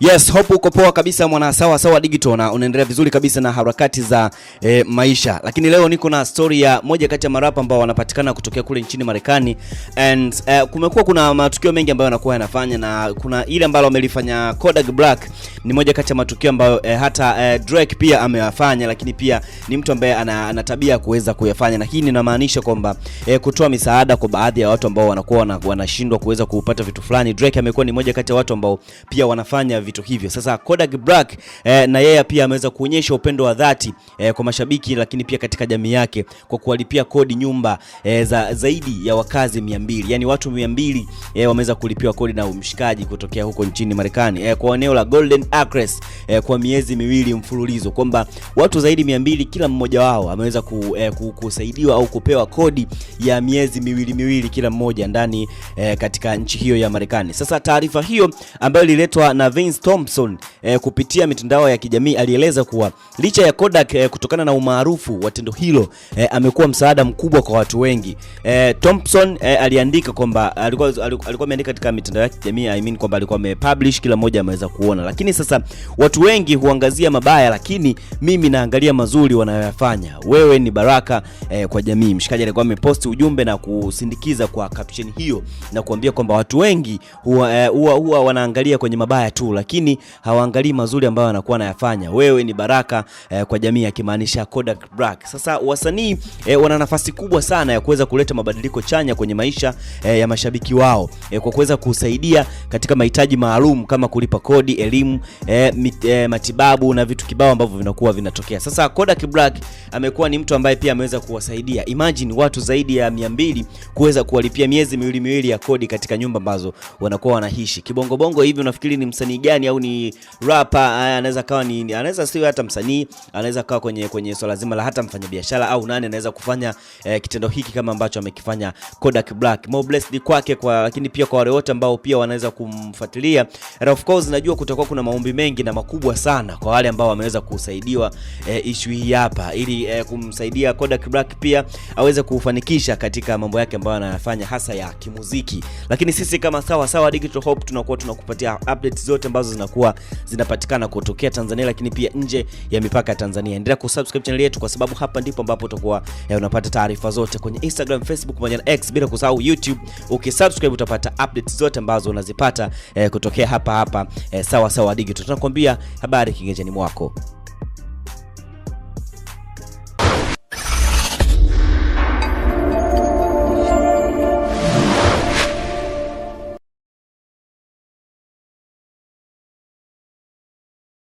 Yes, hope uko poa kabisa mwana sawa sawa digital na unaendelea vizuri kabisa na harakati za e, maisha. Lakini leo niko na story ya moja kati ya marapa ambao wanapatikana kutokea kule nchini Marekani and e, kumekuwa kuna matukio mengi ambayo yanakuwa yanafanya na kuna ile ambalo amelifanya Kodak Black ni moja kati ya matukio ambayo e, hata e, Drake pia ameyafanya, lakini pia ni mtu ambaye ana ana tabia kuweza kuyafanya, na hii inamaanisha kwamba e, kutoa misaada kwa baadhi ya watu ambao wanakuwa wanashindwa kuweza kupata vitu fulani. Drake amekuwa ni moja kati ya watu ambao pia wanafanya vitu hivyo. Sasa Kodak Black eh, na yeye pia ameweza kuonyesha upendo wa dhati eh, kwa mashabiki lakini pia katika jamii yake kwa kuwalipia kodi nyumba eh, za zaidi ya wakazi 200. yani watu 200 eh, wameweza kulipiwa kodi na umshikaji kutokea huko nchini Marekani eh, kwa eneo la Golden Acres eh, kwa miezi miwili mfululizo kwamba watu zaidi 200 kila mmoja wao ameweza ku, eh, kusaidiwa au kupewa kodi ya miezi miwili miwili kila mmoja ndani eh, katika nchi hiyo ya Marekani. Sasa taarifa hiyo ambayo ililetwa na Vince James Thompson eh, kupitia mitandao ya kijamii alieleza kuwa licha ya Kodak eh, kutokana na umaarufu wa tendo hilo eh, amekuwa msaada mkubwa kwa watu wengi. Eh, Thompson eh, aliandika kwamba alikuwa alikuwa ameandika katika mitandao ya kijamii I mean kwamba alikuwa amepublish, kila mmoja ameweza kuona, lakini sasa watu wengi huangazia mabaya, lakini mimi naangalia mazuri wanayoyafanya. Wewe ni baraka eh, kwa jamii. Mshikaji alikuwa ameposti ujumbe na kusindikiza kwa caption hiyo na kuambia kwamba watu wengi huwa, eh, huwa, huwa wanaangalia kwenye mabaya tu lakini lakini hawaangalii mazuri ambayo anakuwa anayafanya. Wewe ni baraka eh, kwa jamii, akimaanisha Kodak Black. Sasa wasanii eh, wana nafasi kubwa sana ya kuweza kuleta mabadiliko chanya kwenye maisha eh, ya mashabiki wao eh, kwa kuweza kusaidia katika mahitaji maalum kama kulipa kodi, elimu eh, mit, eh, matibabu na vitu kibao ambavyo vinakuwa vinatokea. Sasa Kodak Black amekuwa ni mtu ambaye pia ameweza kuwasaidia imagine watu zaidi ya mbili kuweza kuwalipia miezi miwili miwili ya kodi katika nyumba ambazo wanakuwa wanaishi. Kibongobongo hivi unafikiri ni msanii gani gani, au ni rapper, ah, anaweza kawa ni anaweza siwe hata msanii, anaweza kawa kwenye kwenye swala zima la hata mfanyabiashara au nani anaweza kufanya eh, kitendo hiki kama ambacho amekifanya Kodak Black. More blessed kwake kwa, lakini pia kwa wale wote ambao pia wanaweza kumfuatilia. And of course najua kutakuwa kuna maombi mengi na makubwa sana kwa wale ambao wameweza kusaidiwa eh, issue hii hapa ili eh, kumsaidia Kodak Black pia aweze kufanikisha katika mambo yake ambayo anayafanya hasa ya kimuziki. Lakini sisi kama sawa sawa Digital Hope tunakuwa tunakupatia updates zote ambazo ambazo zinakuwa zinapatikana kutokea Tanzania, lakini pia nje ya mipaka ya Tanzania. Endelea kusubscribe channel yetu, kwa sababu hapa ndipo ambapo utakuwa eh, unapata taarifa zote kwenye Instagram, Facebook pamoja na X, bila kusahau YouTube. Ukisubscribe utapata updates zote ambazo unazipata eh, kutokea hapa hapa eh, Sawa Sawa Digital. Tunakwambia habari kiganjani mwako.